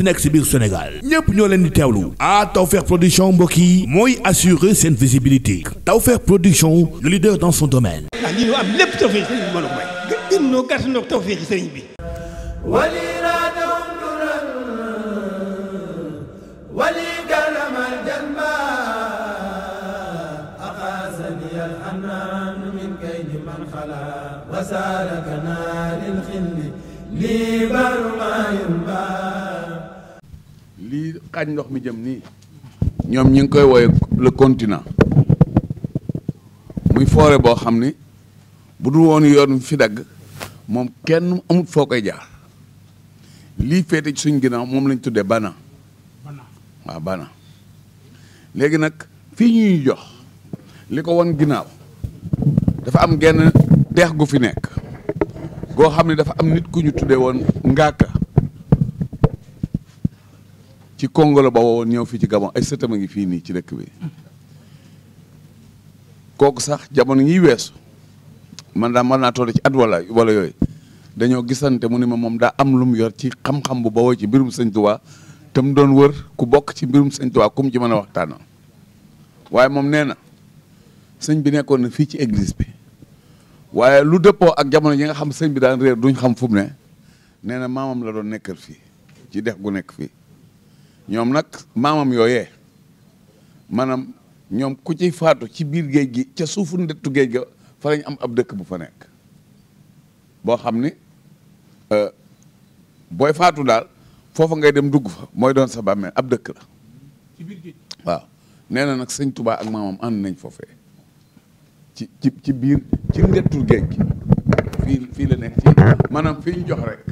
munti nekk si biir Sénégal ñépp ñoo leen di teewlu ah Tawfekh production mbokk yi mooy assurer seen visibilité Tawfekh production le leader dans son domaine. ah lii ñu am lépp Tawfekh sëriñ bi mën a may. gën ñoo gàtt ñoo Tawfekh sëriñ bi. وسالك نار الخل لي برما ينبع lii xaaj ndox mi jëm nii ñoom ñu ngi koy wooye le continent muy forêt boo xam ni bu du woon yoon fi dagg moom kenn amut foo koy jaar lii féete ci suñ ginnaaw moom lañ tuddee bana waaw bana léegi nag fii ñuy jox li ko won ginnaaw dafa am genn dex gu fi nekk goo xam ne dafa am nit ku ñu tuddee woon ngaaka ci Congo la ba woon ñëw fii ci Gabon ay sëtam a ngi fii nii ci dëkk bi kooku sax jamono ñuy weesu man daa mën naa toll ci at wala wala yooyu dañoo gisante mu ni ma moom daa am lu mu yor ci xam-xam bu bawoo ci mbirum sëñ Tuubaa te mu doon wër ku bokk ci mbirum sëñ Tuubaa ku mu ci mën a waxtaana waaye moom nee na sëñ bi nekkoon na fii ci église bi waaye lu dëppoo ak jamono yi nga xam sëñ bi daan réer duñ xam fu ne nee na maamam la doon nekkal fii ci dex gu nekk fii ñoom nag maamam yooyee maanaam ñoom ku ci faatu ci biir géej gi ca suufu ndettu géej ga fa lañ am ab dëkk bu fa nekk boo xam ni euh, booy faatu daal foofa ngay dem dugg fa mooy doon sa bàmmeel ab dëkk la waaw nee na nag sëñ tubaa ak maamam ànd nañ foofee ci ci ci biir ci ndettu géej fii la nekk ci maanaam fii ñu jox rek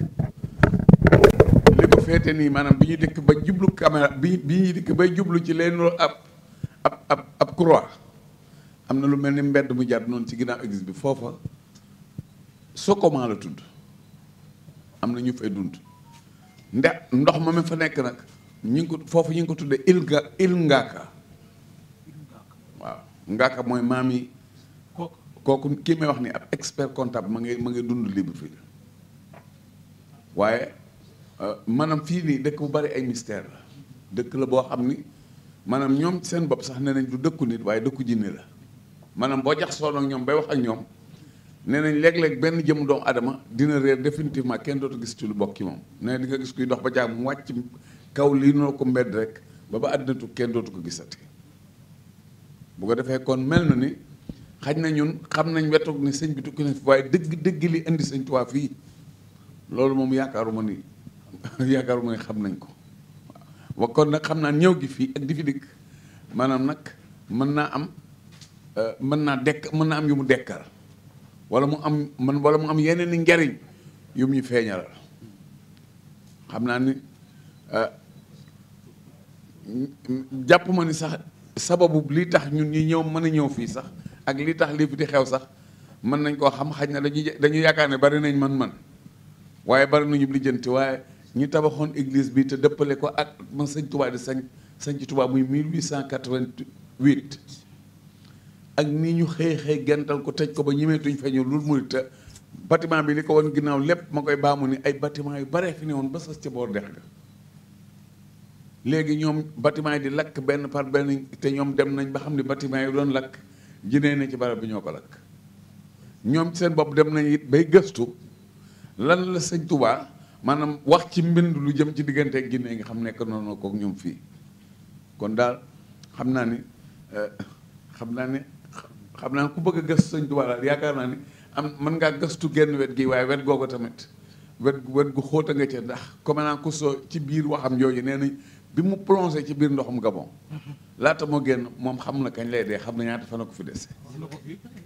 féete nii maanaam bi ñu dëkk ba jublu caméra bi bi ñuy dëkk bay jublu ci leen ab ab ab ab croix am na lu mel ni mbedd mu jàdd noonu ci ginnaaw église bi foofa soo la tudd am na ñu fay dund nde ndox ma mi fa nekk nag ñu ko foofu ñu ngi ko tuddee il nga il ngaaka waaw ngaaka mooy maam yi kooku kii may wax ni ab expert comptable ma ngi ma ngi dund libre fii waaye Euh, maanaam fii nii dëkk bu bari ay mystère la dëkk la boo xam ni maanaam ñoom seen bopp sax nee nañ du dëkku nit waaye dëkku jinne la maanaam boo jax soonoog ñoom bay wax ak ñoom nee nañ léeg-léeg benn jëmu doomu adama dina réer définitivement kenn dootu gis ci lu bokk ci moom nee di nga gis kuy dox ba jaag mu wàcc kaw li noo ko mbedd rek ba ba àddina tukk kenn dootu ko gisati bu ko defee kon mel na ni xaj na ñun xam nañ wetug ni sëñ bi tukki na fi waaye dëgg dëgg li indi sëñ Tuubaa fii loolu moom yaakaaruma yaakaar mooy xam nañ ko waaw kon nag xam naa ñëw gi fii ak di fi dikk maanaam nag mën naa am euh, mën naa dekk mën naa am yu mu dekkal wala mu am man wala mu am yeneen i njariñ yu mu ñu feeñalal xam naa ni euh, jàpp ma ni sax sababu lii tax ñun ñi ñëw mën a ñëw fii sax ak lii tax lii fi di xew sax mën nañ koo xam xaj na dañuy dañuy yaakaar ne bari nañ man man waaye bari nañu lijjanti waaye ñu tabaxoon eglise bi te dëppale ko ak ma sëñ Touba di sañ sañ ci Touba muy 1888 ak nii ñu xëy xëy gental ko tëj ko ba ñemeetuñ feeñu lu muy te bâtiment bi li ko woon ginnaaw lépp ma koy baamu ni ay batiment yu bare fi ne woon ba sas ca boor dex ga léegi ñoom batiment yi di lakk benn par benn te ñoom dem nañ ba xam ne bâtiment yi doon lakk jinee na ci barab bi ñoo ko lakk ñoom seen bopp dem nañ it bay gëstu lan la sëñ maanaam wax ci mbind lu jëm ci diggante ak Guinée ngi xam nekk noonu kook ñoom fii kon daal xam naa ni eh, xam naa ni xam naa ku bëgg a gëstu Sëñ Tuubaa daal yaakaar naa ni am mën ngaa gëstu genn wet gi waaye wet googu tamit wet wet gu xóota nga ca ndax commandant Cousteau ci biir waxam yooyu nee nañ bi mu plongé ci biir ndoxum Gabon laata moo génn moom xam na kañ lay dee xam na ñaata fan ko fi dese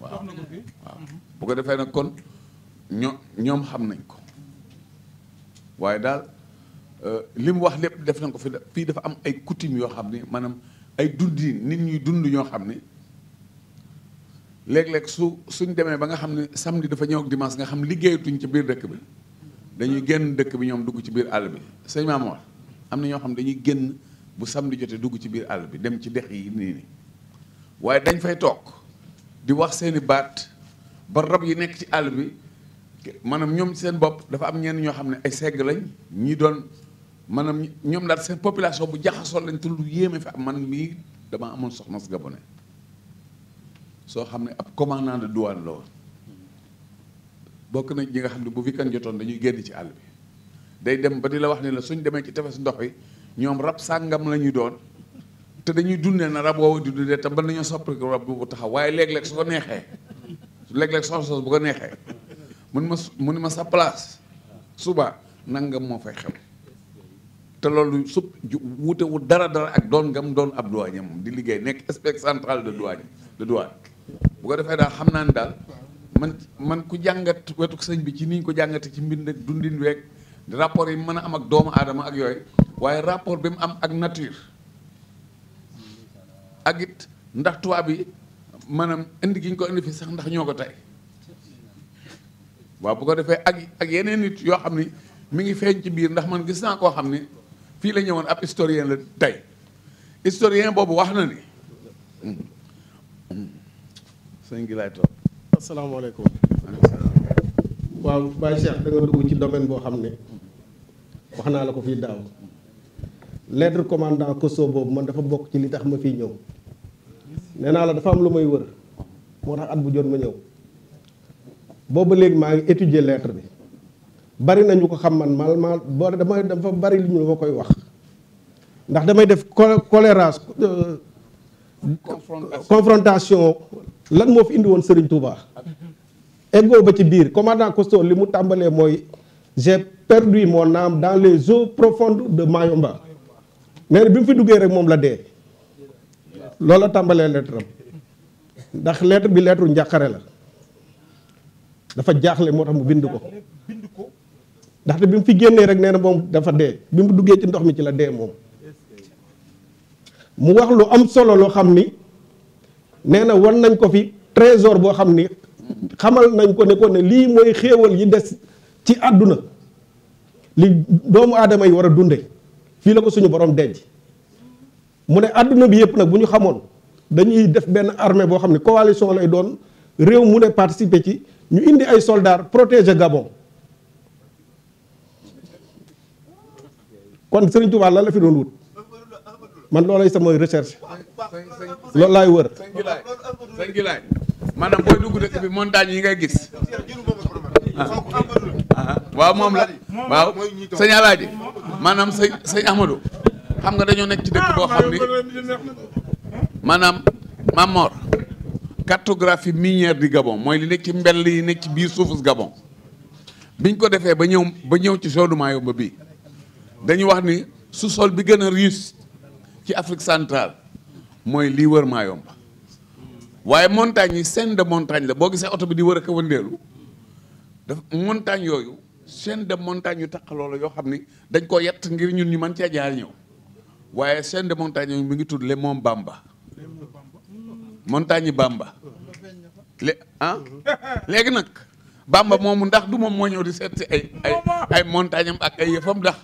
waaw waaw bu ko defee nag kon ñoo ñoom xam nañ ko waaye daal euh, li mu wax lépp def nañ ko fi dafa am ay coutume yoo xam ni maanaam ay dundi nit ñuy dund ñoo xam ni léeg-léeg su suñ demee ba nga xam ne samedi dafa ñëw ak dimanche nga xam liggéeyatuñ ci biir dëkk bi dañuy génn dëkk bi ñoom dugg ci biir àll bi sëñ maama am na ñoo xam ne dañuy génn bu samedi jote dugg ci biir àll bi dem ci dex yi nii nii waaye dañ fay toog di wax seeni baat ba rab yi nekk ci àll bi maanaam ñoom seen bopp dafa am ñenn ñoo xam ne ay segg lañ ñii doon maanaam ñoom daal seen population bu jaxasoo lañ te lu yéeme fi am man mii dama amoon soxna si Gabon soo xam ne ab commandant de douane la woon bokk nañ ñi nga xam ne bu fi jotoon dañuy génn ci àll bi day dem ba di la wax ne la suñ demee ci tefes ndox yi ñoom rab sàngam la ñuy doon te dañuy dundee na rab woowu di dundee te mën nañoo soppi rab bu taxaw waaye léeg-léeg su ko neexee léeg-léeg soxna bu ko neexee mun ma su ni ma sa place suba nangam moo fay xew te loolu su wuute wu dara dara ak doon nga mu doon ab douane moom di liggéey nekk aspect central de douane de douane bu ko defee daal xam naa ne daal man man ku jàngat wetu sëñ bi ci niñ ko jàngate ci mbind ak dundin weeg rapport yi mën a am ak doomu aadama ak yooyu waaye rapport bi mu am ak nature ak it ndax tubaab bi maanaam indi gi ñu ko indi fi sax ndax ñoo ko tey waaw bu ko defee ak ak yeneen nit yoo xam ne mi ngi feeñ ci biir ndax man gis naa koo xam ne fii la ñëwoon ab historien la tey historien boobu wax na ni. sëñ gi laay toog. asalaamaaleykum. waaw Baye Cheikh da nga dugg ci domaine boo xam ne wax naa la ko fii daaw lettre commandant Kosso boobu man dafa bokk ci li tax ma fii ñëw nee naa la dafa am lu may wër moo tax at bu jot ma ñëw. booba léegi maa ngi étudier lettre bi bari nañu ko xam man mal mal boo damay dafa bari li ñu ma koy wax ndax damay def colérage confrontation lan moo fi indi woon Serigne Touba eggoo ba ci biir commandant Cousteau li mu tàmbalee mooy j'ai perduit moo âme dans les eaux profonde de Mayomba nee na bi mu fi duggee rek moom la dee loola tàmbalee lettre am ndax lettre bi lettre njàqare la dafa jaaxle moo tax mu bind ko ndaxte bi mu fi génnee rek nee na moom dafa dee bi mu duggee ci ndox mi ci la dee moom mu wax lu am solo loo xam ni nee na wan nañ ko fi trésor boo xam ni xamal nañ ko nekkoon ne lii mooy xéewal yi des ci àdduna li doomu aadama yi war a dunde fii la ko suñu borom denc mu ne àdduna bi yëpp nag bu ñu xamoon dañuy def benn armée boo xam ne coalition lay doon réew mu ne participer ci ñu indi ay soldats protéger Gabon kon Serigne Touba lan la fi doon wut man loolay samay recherche loolu laay wër. sëñ Gilaay maanaam booy dugg dëkk bi montagne yi ngay gis. Ah. waaw moom la waaw sëñ Alaaji maanaam sëñ amado xam nga dañoo nekk ci dëkk boo xam ni maanaam Mamor. cartographie minière du Gabon mooy li nekk ci mbell yi nekk ci biir suufus Gabon biñ ko defee ba ñëw ba ñëw ci solu Mayumba bi dañu wax ni su sol bi gën a riche ci Afrique centrale mooy lii wër Mayumba waaye montagne yi chaîne de montagne la boo gisee oto bi di wër a ko wëndeelu daf montagne yooyu chaîne de montagne yu taqaloo la yoo xam ni dañ koo yett ngir ñun ñu mën cee jaar ñëw waaye chaîne de montagne yooyu mu ngi tudd le Mont Bamba montagne yi Bamba ah léegi nag Bamba moomu ndax du moom moo ñëw di seet si ay ay ay am ak ay yëfam ndax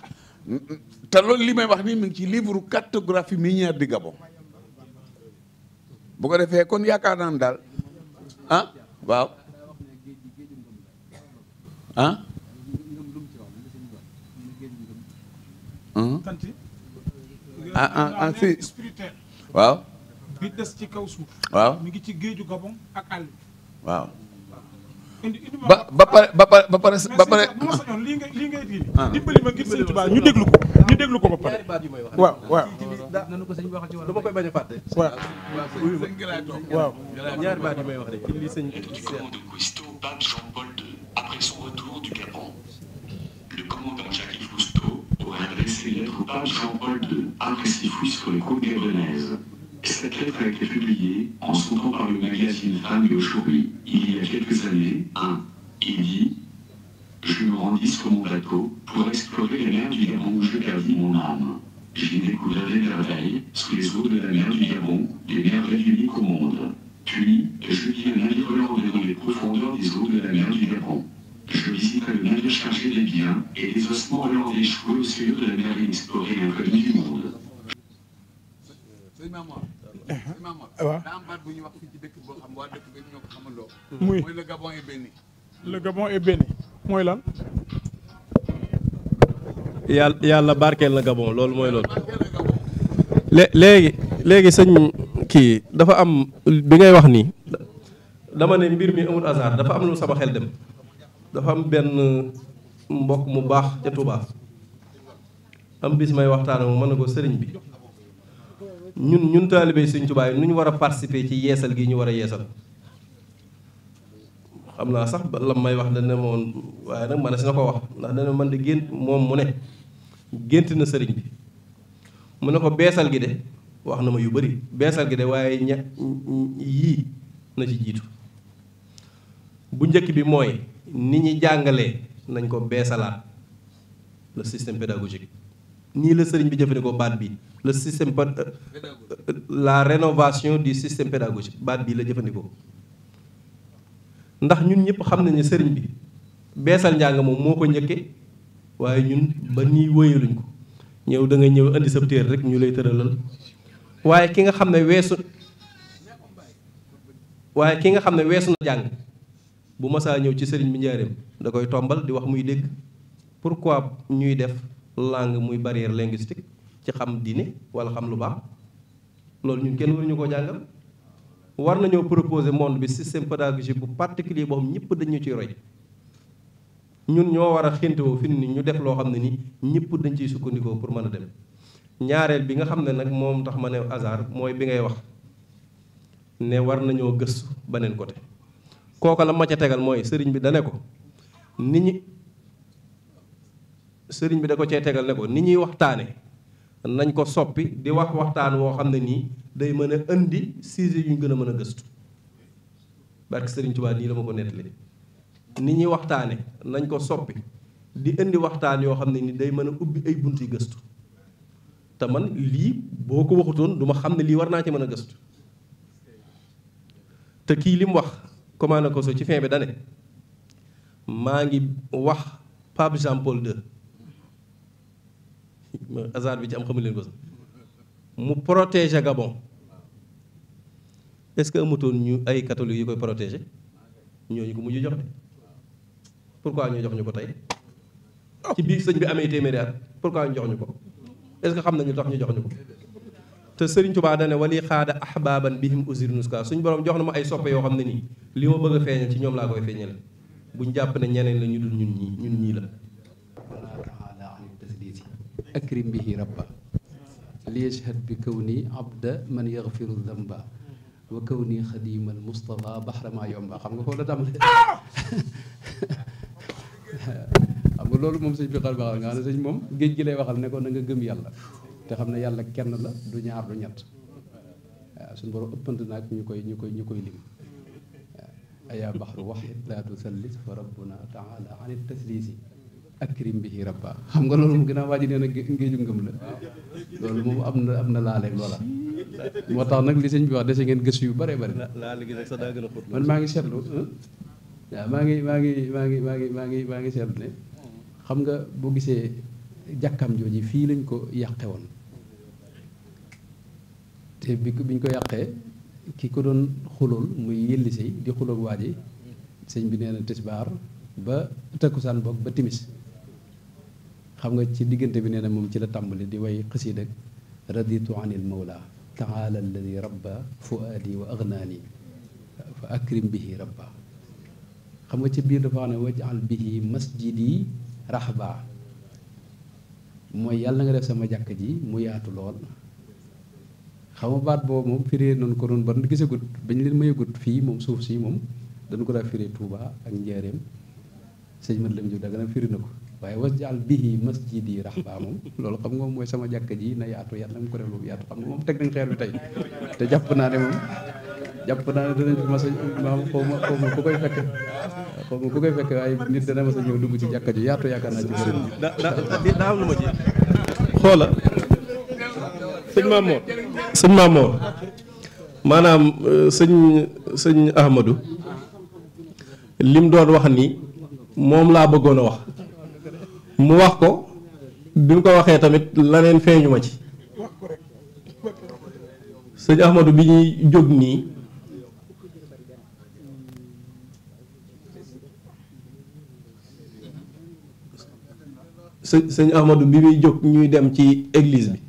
te loolu li may wax nii mi ngi ci livre cartographie minière du Gabon bu ko defee kon yaakaar naan daal ah waaw ah, hmm? ah, ah, ah waaw bi des ci kaw suuf. waaw mi ngi ci géeju Gabon ak àll. waaw. ba ba pare ba pare ba pare ba pare. bu ma sañoon lii ngay lii ngay di ah. dimbali ma ngir sëñ Tuubaa ñu déglu ko ñu déglu ko ba pare. waaw waaw. nanu ko sëñ bi waxal ci dama koy bañ a fàtte. waaw. waaw. ñaari baat yi may wax rek ci li sëñ Après son retour du Gabon, le commandant Jacques Cousteau aurait adressé lettre au pape Jean-Paul II après ses fouilles sur les côtes gabonaises. Cette lettre a été publiée en son par le magazine Femme et il y a quelques années, un. Il dit Je me rendis sur mon bateau pour explorer les mers du Gabon où je perdis mon âme. J'y découvert les sous les eaux de la mer du Gabon, les merveilles uniques au Puis, je vis un navire lourd dans les profondeurs des eaux de la mer du Gabon. Je visitais le navire chargé des biens et des ossements alors échoués au seuil de la mer inexplorée inconnue sëñ Mamour uh-huh. sëñ Mamour daa am baat muy le Gabon est béni mooy lan yàlla yàlla la na Gabon loolu mooy loolu léegi léegi sëñ kii dafa am bi ngay wax nii dama ne mbir mi amul hasard dafa am lu sama xel dem dafa am benn mbokk mu baax ca Touba am bis may waxtaan mu mën na ko sëriñ bi ñun ñun taalibe Sëñ Tuubaa yi nu ñu war a participer ci yeesal gi ñu war a yeesal xam naa sax ba lam may wax dana moom waaye nag man si na ko wax ndax dana man de gént moom mu ne gént na sëriñ bi mu ne ko beesal gi de wax na ma yu bari beesal gi waaye ña yii na ci jiitu bu njëkk bi mooy ni ñi jàngalee nañ ko beesalaat le système pédagogique nii la sëriñ bi jëfandikoo baat bi le système euh, la rénovation du système pédagogique baat bii la jëfandikoo ndax ñun ñëpp xam nañu ne sëriñ bi beesal njàng moom moo ko njëkke waaye ñun ba nii wóyaluñ ko ñëw da nga ñëw indi sa téer rek ñu lay tëralal waaye ki nga xam ne weesu waaye ki nga xam ne weesu na jàng bu masaa ñëw ci sëriñ bi njaareem da koy tombal di wax muy dégg pour quoi ñuy def langue muy barrière linguistique ci xam diine wala xam lu baax loolu ñun kenn ñu ko jàngal war nañoo proposer monde bi système pédagogique bu particulier boo xam ñëpp dañu ciy roy ñun ñoo war a xintewoo fi ni ñu def loo xam ne ni ñëpp dañ ciy sukkandikoo pour mën a dem ñaareel bi nga xam ne nag moom tax ma ne hasard mooy bi ngay wax ne war nañoo gëstu beneen côté kooka la ma ca tegal mooy sëriñ bi dane ko nit ñi sëriñ bi da ko cee tegal ne ko ni ñuy waxtaane nañ ko soppi di wax waxtaan woo xam ne nii day mën a indi sujet yu ñu gën a mën a gëstu barke sëriñ Tuubaa nii la ma ko nettali ni ñuy waxtaane nañ ko soppi di indi waxtaan yoo xam ne ni day mën a ubbi ay bunti gëstu te man lii boo ko waxutoon du ma xam ne lii war naa ci mën a gëstu te kii li wax commande ko so ci fin bi dane maa ngi wax Pape Jean Paul II hasard bi ci am xamu leen ko sax mu protéger Gabon est-ce que amutoon ñu ay catholiques yu koy protéger ñooñu ko mujj jox de pourquoi ñu jox ñu ko tey ci biir sëñ bi amee téeméeri at pourquoi ñu jox ñu ko est-ce que xam nañu tax ñu jox ñu ko te Serigne Touba da ne wali xaada ahbaban bihim usir nuska suñ borom jox na ma ay soppe yoo xam ne nii li ma bëgg a feeñal ci ñoom laa koy feeñal buñ jàpp ne ñeneen la ñu dul ñun ñii ñun ñii la akrim bihi rabba li yashhad bi kawni abda man yaghfiru dhanba wa kawni xadimal Mustafa baxra maa yomba xam nga foofu la tàmbalee xam loolu moom sëñ bi xal baxal nga xam ne sëñ moom géej gi lay waxal ne ko na nga gëm yàlla te xam na yàlla kenn la du ñaar du ñett waaw suñu borom ëppante naag ñu koy ñu koy ñu koy lim ayaa baxru waxid laa tusallis fa rabbuna taala an tasliisi akrim bihi rabba xam nga loolu gën a waa ji nee na ngéeju ngëm la loolu moom am na am na laaleeg loola moo tax nag li sëñ bi wax desee ngeen gëstu yu bare bare man maa ngi seetlu hmm? waaw maa ngi maa ngi maa ngi maa ngi maa ngi maa ngi seetlu ne xam nga boo gisee jàkkam jooji fii lañ ko yàqe woon te bi bi ñu ko yàqee ki ko doon xulool muy yëlli di xuloog waa ji sëñ bi nee na tisbaar ba takkusaan boog ba timis xam nga ci diggante bi nee na moom ci la tàmbali di way xasiid ak raditu anil mawla taala alladi rabba fuaadi wa agnaani fa akrim bihi rabba xam nga ci biir dafa xam ne wajal bihi masjidi rahba mooy yàlla nga def sama jàkk ji mu yaatu lool xam nga baat boobu moom firee noonu ko doon ba gisagut bañ leen mayagut fii moom suuf si moom dañ ko daa firee tuuba ak Njaareem sëñ Mat Lam Jóob daga na firi na ko waaye jàll wasjal bihi masjidi raxbaa moom loolu xam nga mooy sama jàkka ji na yaatu yàlla na mu ko def lu yaatu xam nga moom teg nañ xeer bi tey te jàpp naa ne moom naa ne danañ mas a maam xaw ma xaw ma ku koy fekk xaw ma ku koy fekk waaye nit dana ma sa ñëw dugg ci jàkka ji yaatu yaakaar naa ci bëri daaw lu ma ci euh, lim doon wax ni moom laa bëggoon a wax mu wax ko bi mu ko waxee tamit laneen feeñu ma ci sëñ Ahmadou bi ñuy jóg nii së sëñ Ahmadou bi muy jóg ñuy dem ci église bi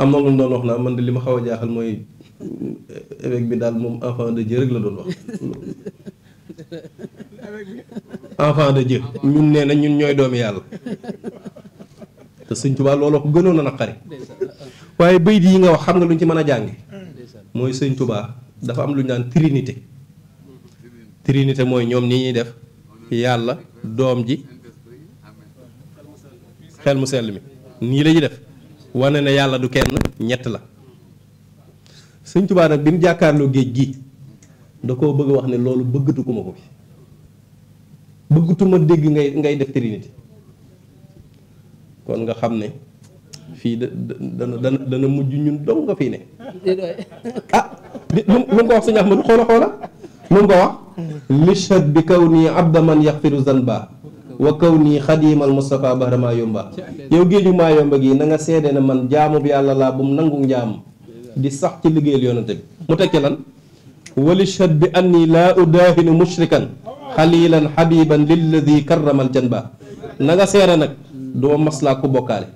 am na lu mu doon wax naa man de li ma xaw a jaaxal mooy évêque bi daal moom enfant de Dieu rek la doon wax enfant de Dieu ñun nee na ñun ñooy doomi yàlla te sëñ Tuubaa looloo ko gënoon na naqari waaye bayit yi nga wax xam nga lu ñu ci mën a jànge mooy sëñ Tuubaa dafa am lu ñu naan trinité trinité mooy ñoom ni ñuy def yàlla doom ji xel mu sell mi nii la def wane na yàlla du kenn ñett la sëñ Tuubaa nag bi mu jàkkaarloo géej gi da koo bëgg wax ne loolu bëggatu ko ma ko fi bëggatuma dégg ngay ngay def trinité kon nga xam ne fii da dana dana dana mujj ñun dong nga fii ne ah lu mu ko wax sëñ Ahmadu xoola xoola lu ko wax lishad bi kaw nii abda man yaxfiru zanba wa kaw nii xadiimal Mustafa bahrama yomba yow géeju maa yomba gi na nga seede ne man jaamu bi yàlla laa bu mu nangu njaam di sax ci liggéeyal yoonante bi mu tekki lan walishad bi anni laa udaahinu mushrikan xalilan xabiban lilladi karramal janba na nanga seere nag doo maslaa ku bokkaale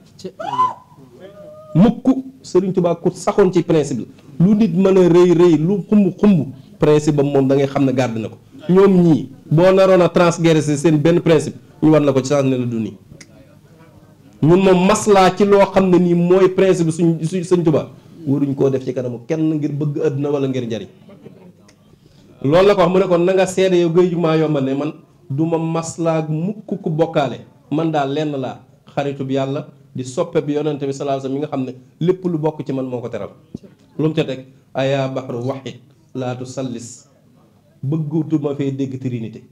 mukk Sëriñ Tuubaa ku saxoon ci principe la lu nit mën a rëy rëy lu xumb xumb principe am moom da ngay xam ne garde na ko ñoom ñii boo naroon a transgresser seen benn principe ñu war na ko ci sax ne la du nii ñun moom maslaa ci loo xam ne nii mooy principe suñ suñ Sëriñ Tuubaa waruñ koo def ci kanamu kenn ngir bëgg àdduna walla ngir njariñ loolu la ko wax mu ne ko na nga seede yow géej ju maa yombal ne man du ma maslaag mukk ku bokkaale man daal lenn laa xaritu xaritub yàlla di soppe bi yonente bi sallallahu alayhi mi nga xam ne lépp lu bokk ci man moo ko teral lu mu ca teg ayaa baxru waxit laatu sallis bëggatuma fee dégg trinité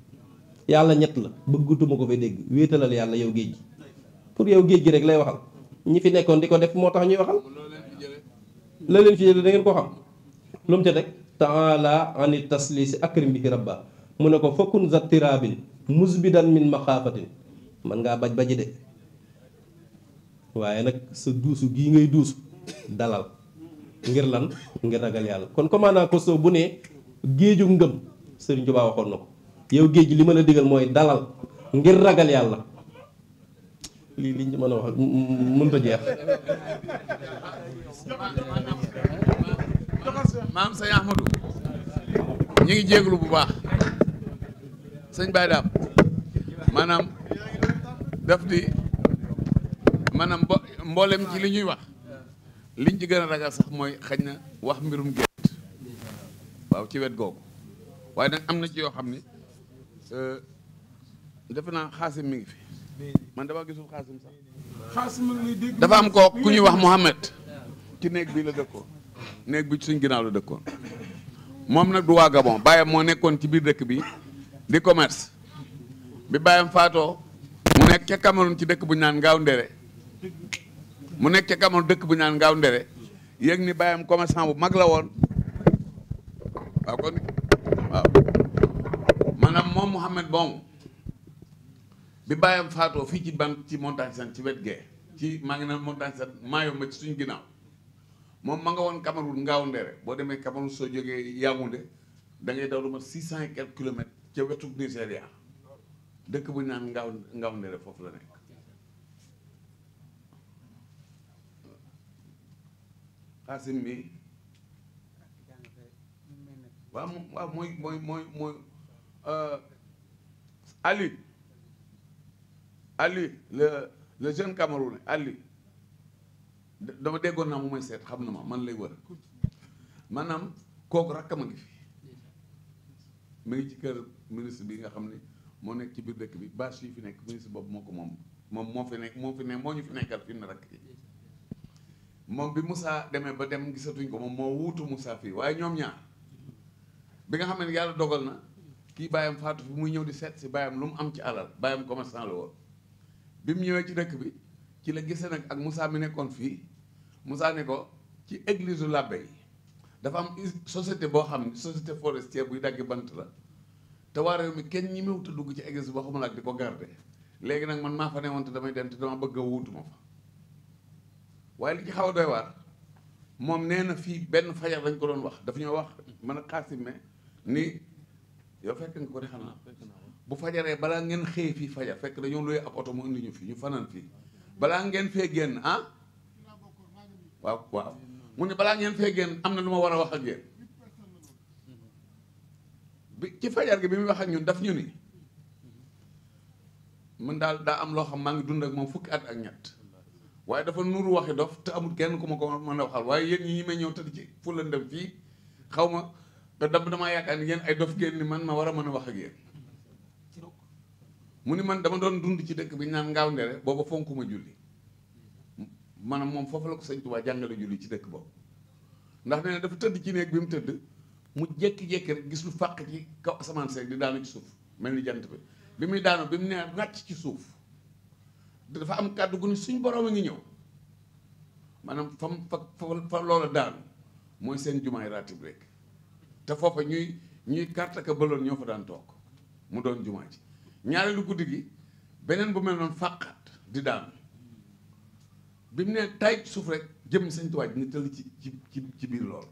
yàlla ñett la bëggatuma ko fee dégg wéetalal yàlla yow géej gi pour yow géej gi rek lay waxal ñi fi nekkoon di ko def moo tax ñuy waxal la leen fi jële da ngeen ko xam lu mu ca teg taala ani taslisi akrim bihi rabba mu ne ko fakkun zattiraabin musbidan min maxaafatin mën ngaa baj baji de waaye nag sa duusu gii ngay duusu dalal ngir lan ngir ragal yàlla kon commandant Costaud bu ne géeju ngëm Sëriñ Tuubaa waxoon na ko yow géej li ma la digal mooy dalal ngir ragal yàlla lii liñ ci mën a wax mënut a jeex maam sëñ Ahmadou ñu ngi jéeglu bu baax sëñ Baye Dame maanaam daf di maanaam mbo mboolem ci li ñuy wax liñ ci gën a ragal sax mooy xañ na wax mbirum gént waaw ci wet googu waaye nag am na ci yoo xam ni euh, defe naa xaasim mi ngi fi man dama gisul xaasim sax dafa am ko ku ñuy wax Mouhamed ci néeg bii la dëkkoon néeg bi suñ ginaaw la dëkkoon moom nag du waa Gabon bàyyam moo nekkoon ci biir dëkk bi di commerce bi bàyyam faatoo mu nekk ca Cameroun ci dëkk bu ñu naan ngaaw ndere mu nekk ca Cameroun dëkk bu ñu ngaaw ndere yéeg ni bàyyam commerçant bu mag la woon waaw kon waaw maanaam moom Mouhamed bon bi bàyyam faatoo fii ci ban ci montagne san ci wet gee ci maa ngi na montagne san maa yomb ci suñ ginaaw moom ma nga woon Cameroun ngaaw ndeere boo demee Cameroun soo jógee Yaoundé da ngay daw lu mat six cent et quelques kilomètres ca wetu Nigéria dëkk bu ñu naan ngaaw ngaaw ndeere foofu la nekk xaasim bi waaw waaw mooy mooy mooy mooy euh, Ali Ali le le jeune Camerounais Ali dama déggoon naa mu may seet xam na ma man lay wër maanaam kooku rakkam a ngi fi mu ngi ci kër ministre bi nga xam ne moo nekk ci biir dëkk bi bâche yu fi nekk ministre boobu moo ko moom moom moo fi nekk moo fi ne moo ñu fi nekkal fi mu ne moom bi musaa demee ba dem gisatuñ ko moom moo wuutu musaa fii waaye ñoom ñaar bi nga xam ne yàlla dogal na kii bàyyam faatu fi muy ñëw di seet si bàyyam lu mu am ci alal bàyyam commerçant la woon bi mu ñëwee ci dëkk bi ci la gisee nag ak Moussa mi nekkoon fii musaa ne ko ci église làbbe yi dafa am société boo xam ne société forestière buy dagg bant la te waa réew mi kenn ñi mëwut a dugg ci église boo xamul ak di ko garde léegi nag man maa fa newoon te damay dem dama bëgg a wuutuma fa waaye li ci xaw a doy waar moom nee na fii benn fajar dañ ko doon wax dafa ñoo wax man a xaasim ne ni yow fekk nga ko de xanaa ah, bu fajaree balaa ngeen xëy fii fajar fekk dañoo luy ab oto mu indi ñu fii ñu fanaan fii balaa ngeen fee génn ah waaw waaw mu ne balaa ngeen fee génn am na lu ma war a wax ak yéen bi ci fajar gi bi muy wax ak ñun daf ñu ni mën daal daa am loo xam maa ngi dund ak moom fukki at ak ñett waaye dafa nuru waxi dof te amul kenn ku ma ko mën a waxal waaye yéen ñi may ñëw tëdd ci fu la ndem fii xaw ma te dab damaa yaakaar ni yéen ay dof génn ni man ma war a mën a wax ak yéen mu ne man dama doon dund ci dëkk bi naan ngaaw ndere booba fonkuma julli maanaam moom foofu la ko sëñ Tuubaa jàngale julli ci dëkk boobu ndax nee na dafa tëdd ci néeg bi mu tëdd mu jékki-jékki rek gis lu fàq ci kaw asamaan seeg di daanu ci suuf mel ni jant bi bi muy daanu bi mu nee ràcc ci suuf dafa am kàddu gu ni suñ borom a ngi ñëw maanaam fam fa fa loola daanu mooy seen jumaay ratib rek te foofa ñuy ñuy kàrt ak bëloon ñoo fa daan toog mu doon jumaa ji ñaareelu guddi gi beneen bu mel noonu fàqat di daanu bi mu nee tay suuf rek jëm Sëñ Tuubaa ñu tëll ci ci ci biir lool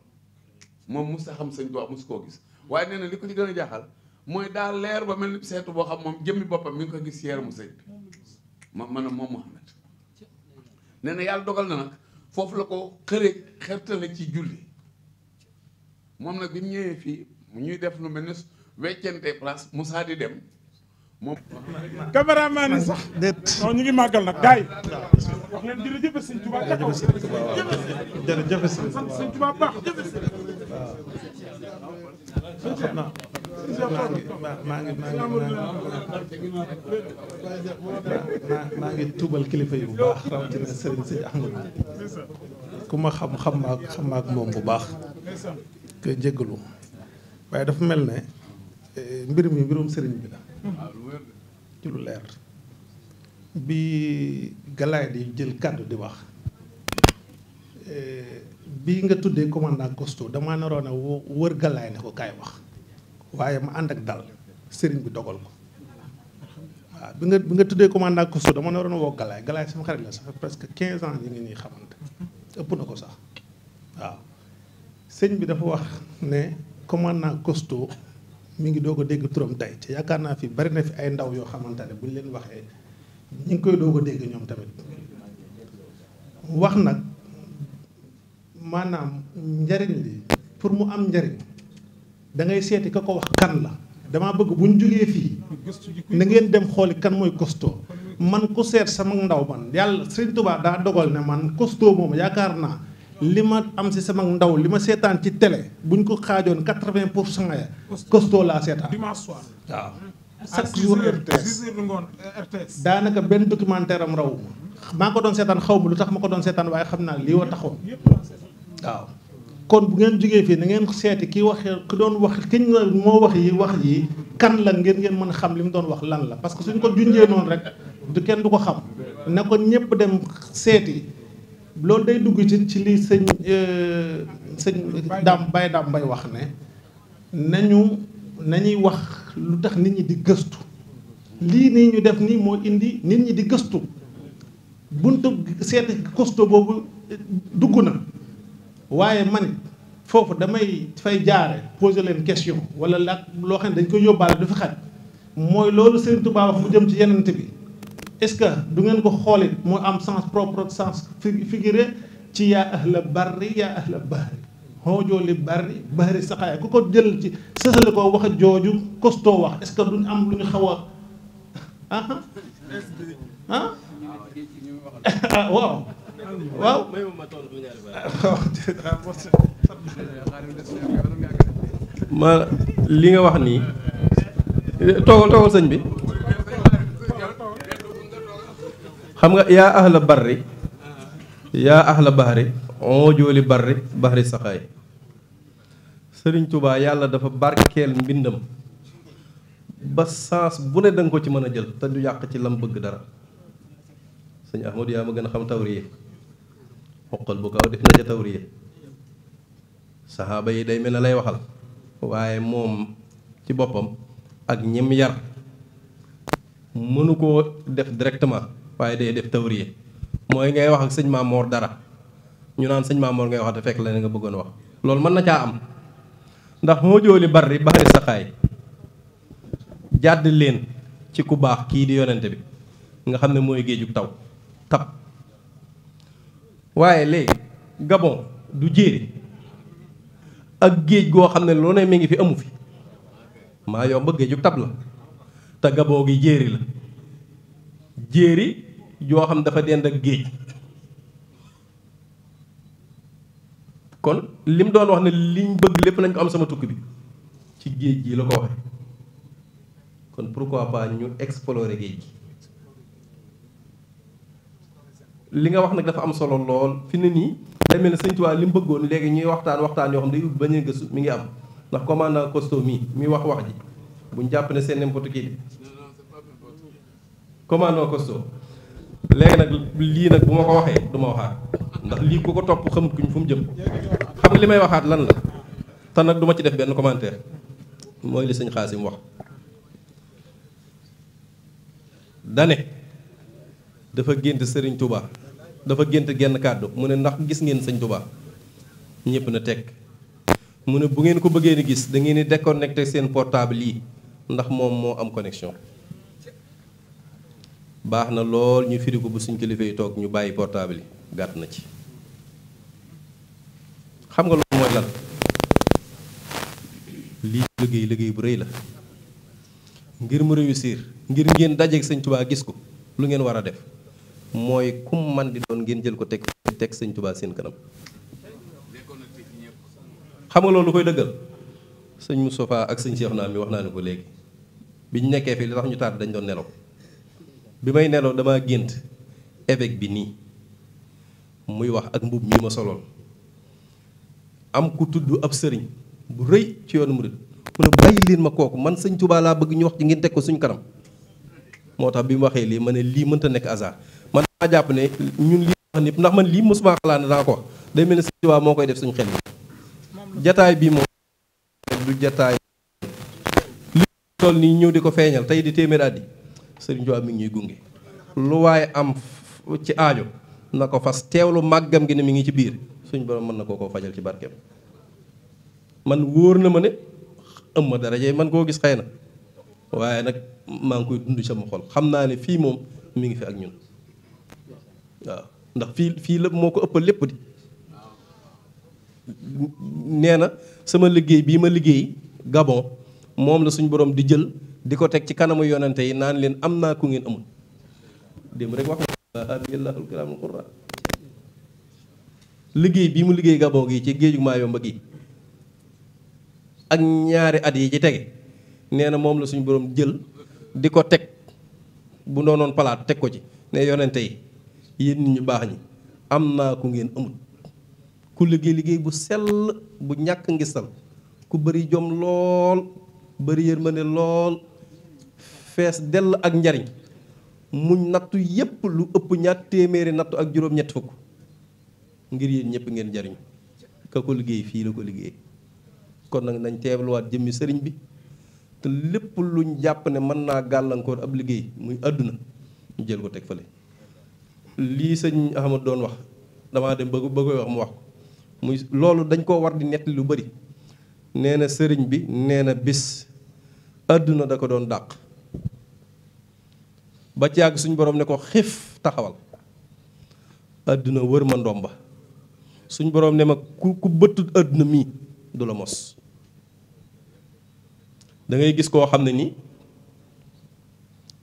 moom mu a xam Sëñ Tuubaa mos koo gis waaye nee na li ko ci gën a jaaxal mooy daal leer ba mel ni seetu boo xam moom jëmmi boppam mi ngi ko gis yeeramu sëñ bi ma man a moom Muhammad nee na yàlla dogal na nag foofu la ko xëree xertale ci julli moom nag bi mu ñëwee fii mu ñuy def lu mel ni weccente place Moussa di dem moom. cameraman yi sax. déet non ngi màggal nag gars yi. wax leen jërëjëf sëñ Tuubaa jërëjëf sëñ Tuubaa baax. xam naa tuubal kilifa bu baax sëriñ sëñ Ahmad ku ma xam xam maak moom bu baax. que jéggalu waaye dafa mel ne eh, mbir mi mbirum sëriñ bi ci lu leer bi Galaye di jël kàddu di wax eh, bi nga tuddee commandant costaud damaa naroon a wër Galaye ne ko kaay wax waaye ma ànd ak dal sëriñ bi dogal ko waaw bi nga bi nga tuddee commandant costaud dama naroon a woo Galaye Galaye sama xarit la ça fait presque quinze ans yi ngi nii xamante ëpp na ko sax waaw sëñ bi dafa wax ne commandant costaud mi ngi doo ko dégg turam tey te yaakaar naa fi bari na fi ay ndaw yoo xamante ne bu ñu leen waxee ñu ngi koy doo ko dégg ñoom tamit wax nag maanaam njariñ li pour mu am njariñ dangay ngay seeti ka ko wax kan la damaa bëgg bu ñu jógee fii na ngeen dem xooli kan mooy costaud man ku seet sama ndaw man yàlla Sëriñ Tuubaa daa dogal ne man costaud moom yaakaar naa li ma am si sama ndaw li ma seetaan ci télé buñ ko xaajoon quatre vingt pour cent ya costaud laa seetaan dimanche soir waaw chaque jour euh, RTS daanaka benn documentaire am raw maa ko doon seetaan xaw ma lu tax ma ko doon seetaan waaye xam naa lii wa taxoon waaw kon bu ngeen jógee fii na ngeen seeti ki waxee ki doon wax kiñ moo wax yi wax yi kan la ngeen ngeen mën a xam li mu doon wax lan la parce que suñ ko junjee noonu rek du kenn du ko xam na ko ñëpp dem seeti loolu day dugg ci ci li sëñ euh, sëñ daam bay daam bay wax ne nañu nañuy wax lu tax nit ñi di gëstu lii nii ñu def nii moo indi nit ñi di gëstu buntu seet gëstu boobu euh, dugg na waaye man foofu damay fay jaare poser leen question wala laaj loo xam ne dañ koy yóbbaale du fi xaj mooy loolu Sëriñ Tuubaa wax jëm ci yenent bi est-ce que du ngeen ko xoolit moo am sens propre ak sens figuré ci yaa ahla barri yaa ahla bahri xoojoo li barri bahri saxaaya ku ko jël ci sësale ko wax jooju costaud wax est-ce que duñ am lu ñu xaw a ah, ah? Ah? ma li nga wax nii toogal toogal sëñ bi xam nga yaa ahla barri yaa ahla bahri on jooli barri bahri saxaay sëriñ tubaa yàlla dafa barkeel mbindam ba sens bu ne danga ko ci mën a jël te du yàq ci lam bëgg dara sëñ ahmadu yaa ma gën a xam tawriye xoqal bu kaw def na ca tawriye saxaaba yi day mel ne lay waxal waaye moom ci boppam ak ñim yar mënu koo def directement waaye day def tawriya mooy ngay wax ak sëñ Maam Moor dara ñu naan sëñ Maam Moor ngay wax te fekk la ne nga bëggoon wax loolu mën na caa am ndax moo jooli bari bari saxaay jàdd leen ci ku baax kii di yonente bi nga xam ne mooy géejug taw tab waaye léegi gabon du jéeri ak géej goo xam ne loo ne mi ngi fi amu fi maa yomb géejug tab la te gabon gi jéeri la jéeri yoo xam dafa dend ak géej kon li mu doon wax ne liñ bëgg lépp nañ ko am sama tukki bi ci géej gi la ko waxe kon pourquoi pas ñu explorer géej gi li nga wax nag dafa am solo lool fi ne nii day mel ne Sëñ li mu bëggoon léegi ñuy waxtaan waxtaan yoo xam day ubbi bañ a gëstu mi ngi am ndax commandant costaud mii mi wax wax ji bu jàpp ne seen n'importe qui commandant costaud léegi nag lii nag bu ma ko waxee du ma waxaat ndax lii ku ko topp xamut kuñ fu mu jëm xam nga li may waxaat lan la te nag duma ci def benn commentaire mooy li sëñ Xaasim wax dane dafa gént sëriñ tubaa dafa gént genn kàddu mu ne ndax gis ngeen sëñ Touba ñépp na teg mu ne bu ngeen ko bëggee ni gis da ngeen di déconnecté seen portaable yi ndax moom moo am connexion baax na lool ñu firi ko bu suñ kilifa toog ñu bàyyi portable gàtt na ci xam nga loolu mooy lan lii liggéey liggéey bu rëy la ngir mu réussir ngir ngeen dajeeg sëñ tubaa gis ko lu ngeen war a def mooy kum man di doon ngeen jël ko teg teg sëñ tubaa seen kanam xam nga loolu koy dëggal sëñ Moustapha ak sëñ Cheikh naa mi wax naa ne ko léegi bi ñu nekkee fii li tax ñu taat dañ doon nelaw bi may nelaw damaa gént évêque bi nii muy wax ak mbub mii ma soloon am ku tudd ab sëriñ bu rëy ci yoonu mu mu ne bàyyi leen ma kooku man sëñ Tuubaa laa bëgg ñu wax ci ngeen teg ko suñ kanam moo tax bi mu waxee lii ma ne lii mënta nekk hasard man maa jàpp ne ñun lii wax ni ndax man lii mosuma xalaat ne daa ko day mel ne sëñ Tuubaa moo koy def suñ xel jataay bi moom lu jataay li toll nii ñëw di ko feeñal tey di téeméer at Serigne Touba mi ngi ñuy gunge lu waaye am ci aajo na ko fas teewlu màggam ngi ne mi ngi ci biir suñ borom mën na koo koo fajal ci barkeem man wóor na ma ne ëmma daraje man koo gis xëy na waaye nag maa ngi koy dund sama xol xam naa ne fii moom mi ngi fi ak ñun waaw ndax fii fii la moo ko ëppal lépp di nee na sama liggéey bii ma liggéey Gabon moom la suñ borom di jël di ko teg ci kanamu yonente yi naan leen am naa ku ngeen amul démb rek liggéey bii mu liggéey gaboo gi ci géeju Maayomba gi ak ñaari at yi ci tege nee na moom la suñu boroom jël di ko teg bu doonoon palaat teg ko ci ne yonente yi yéen ñu baax ñi am naa ku ngeen amul ku liggéey liggéey bu sell bu ñàkk ngisal ku bari jom lool bëri yërmande lool fees dell ak njariñ muñ nattu yépp lu ëpp ñaar téeméeri nattu ak juróom-ñett fukk ngir yéen ñëpp ngeen jariñ ka ko liggéey fii la ko liggéey kon nag nañ teebluwaat jëmmi sëriñ bi te lépp luñ jàpp ne mën naa gàllankoor ab liggéey muy àdduna ñu jël ko teg fale lii sëñ Ahmad doon wax damaa dem ba ba koy wax mu wax ko muy loolu dañ koo war di nettali lu bari nee na sëriñ bi nee na bis àdduna da ko doon dàq ba ci yàgg suñu boroom ne ko xif taxawal àdduna wër ma ndomba suñ borom ne mag ku ku bëtt àdduna mii du la mos da gis koo xam ne ni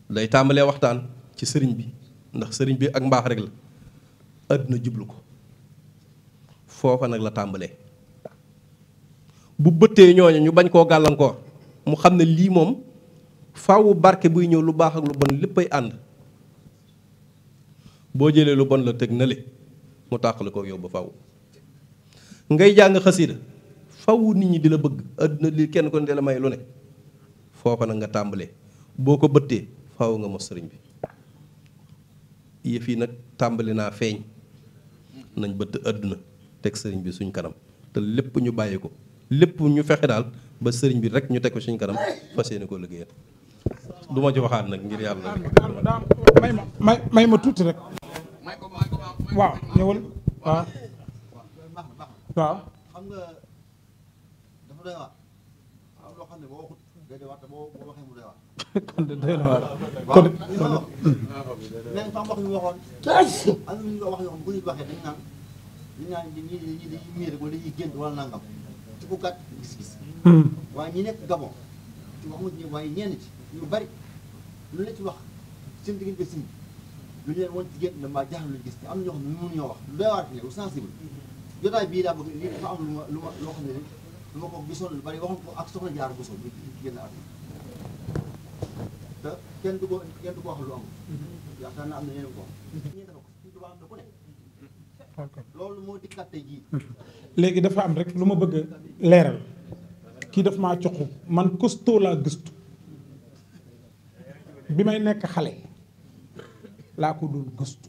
day tàmbalee waxtaan ci sëriñ bi ndax sëriñ bi ak mbaax rek la àdduna jublu ko foofa nag la tàmbalee bu bëttee ñooñu ñu bañ koo gàllankoor mu xam ne lii moom fawu barke buy ñëw lu baax ak lu bon léppay ànd boo jëlee lu bon la teg na le mu tàqale ko yow ba faaw ngay jàng xasida fawu nit ñi di la bëgg àdduna li kenn ko ne la may lu ne foofa nag nga tàmbalee boo ko bëttee faaw nga mos sëriñ bi yëf yi nag tàmbali naa feeñ nañ bëtt àdduna teg sëriñ bi suñ kanam te lépp ñu bàyyi ko lépp ñu fexe daal ba sëriñ bi rek ñu teg ko suñu kanam fas yéene koo liggéeyal du ma ci waxaat nag ngir yàlla. may ma may ma tuuti rek. waaw ñëwal waaw. loo xam ne ci ku gàtt gis-gis. waaye ñi nekk Gabon ci waxuma ci waaye ñenn ci ñu bari lu la ci wax seen diggante si lu ñu leen woon ci génn mbaa jaaxal lu gis te am na ñoo xam ne mënuñoo wax lu doy waar fi ne lu sensible jotaay bii daa bëgg lii dafa am lu ma loo xam ne lu ma ko gisoon lu bari waxoon ko ak soxna jaar bu soog bi génn àdduna te kenn du ko kenn du ko wax lu am yaakaar naa am na ñeneen ko loolu moo di katte léegi dafa am rek lu ma bëgg leeral kii daf maa cuqu man costaud laa gëstu bi may nekk xale laa ko doon gëstu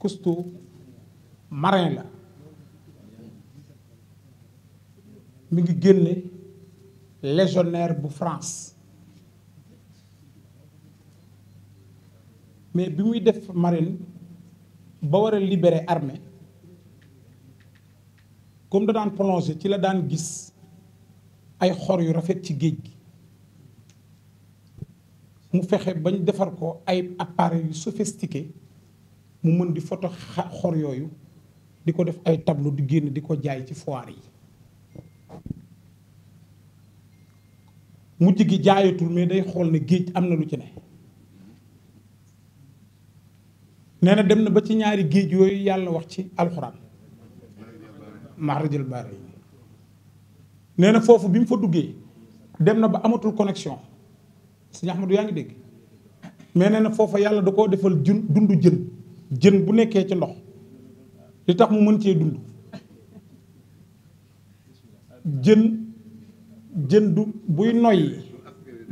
costaud marin la mi ngi génne légionnaire bu France mais bi muy def marine ba war a libérer armée comme da daan plongé ci la daan gis ay xor yu rafet ci géej gi mu fexe bañ defar ko ay appareil yu sophistiqué mu mën di photo xor yooyu di ko def ay tableau di génn di ko jaay ci foir yi mujj gi jaayatul mais day xool ne géej am na lu ci ne nee na dem na ba ci ñaari géej yooyu yàlla wax ci alxuraan maarajal baare yi nee na foofu bi mu fa duggee dem na ba amatul connexion sëñ Ahmadou yaa ngi dégg mais nee na foofa yàlla da koo defal jun dund jën jën bu nekkee ci ndox li tax mu mën cee dund jën jën du buy noyyi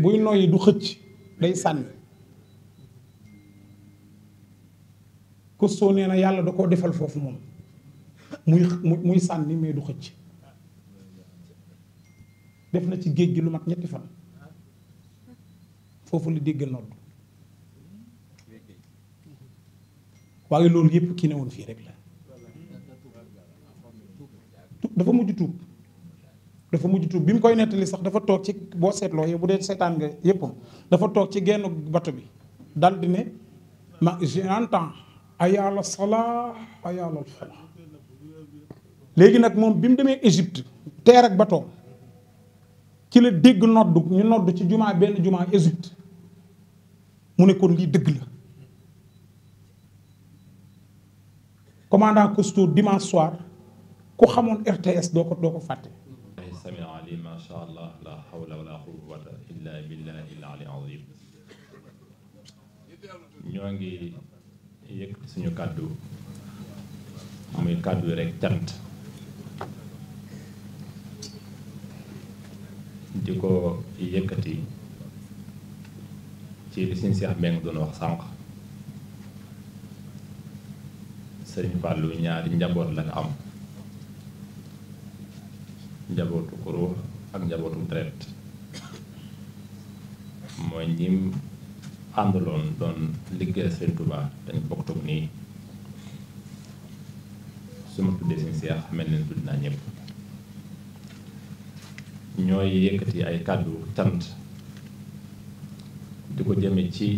buy noyyi du xëcc day sànni Cousteau nee na yàlla da koo defal foofu moom muy muy sànni mais du xëcc def na ci géej gi lu mag ñetti fan foofu la dégg nodd waaye loolu yépp ki ne woon fii rek la dafa mujj tuub dafa mujj tuub bi mu koy nettali sax dafa toog ci boo seetloo yow bu dee seetaan nga yépp dafa toog ci genn bato bi dal di ne ma j'ai un temps ayala salaa ayala falaa léegi nag moom bi mu demee Égypte teer ak bato ci la dégg noddu ñu noddu ci jumaa benn jumaa Égypte mu ne kon lii dëgg la commandant Cousteau dimanche soir ku xamoon RTS doo ko doo ko fàtte sami ali ma sha allah la hawla wala quwwata illa billahi al ali azim ñoo ngi yëg suñu kàddu muy kàddu rek cant di ko yëkkati ci li suñ seex meng doon wax sànq sëriñ Fàllu ñaari njaboot la nga am njabootu ko ruux ak njabootu deret mooy ñim àndaloon doon liggéey sëriñ Tuubaa dañ bokk toog nii su ma tuddee suñ seex mel ne tudd naa ñëpp ñooy yëkkati ay kàddu cant di ko jëme ci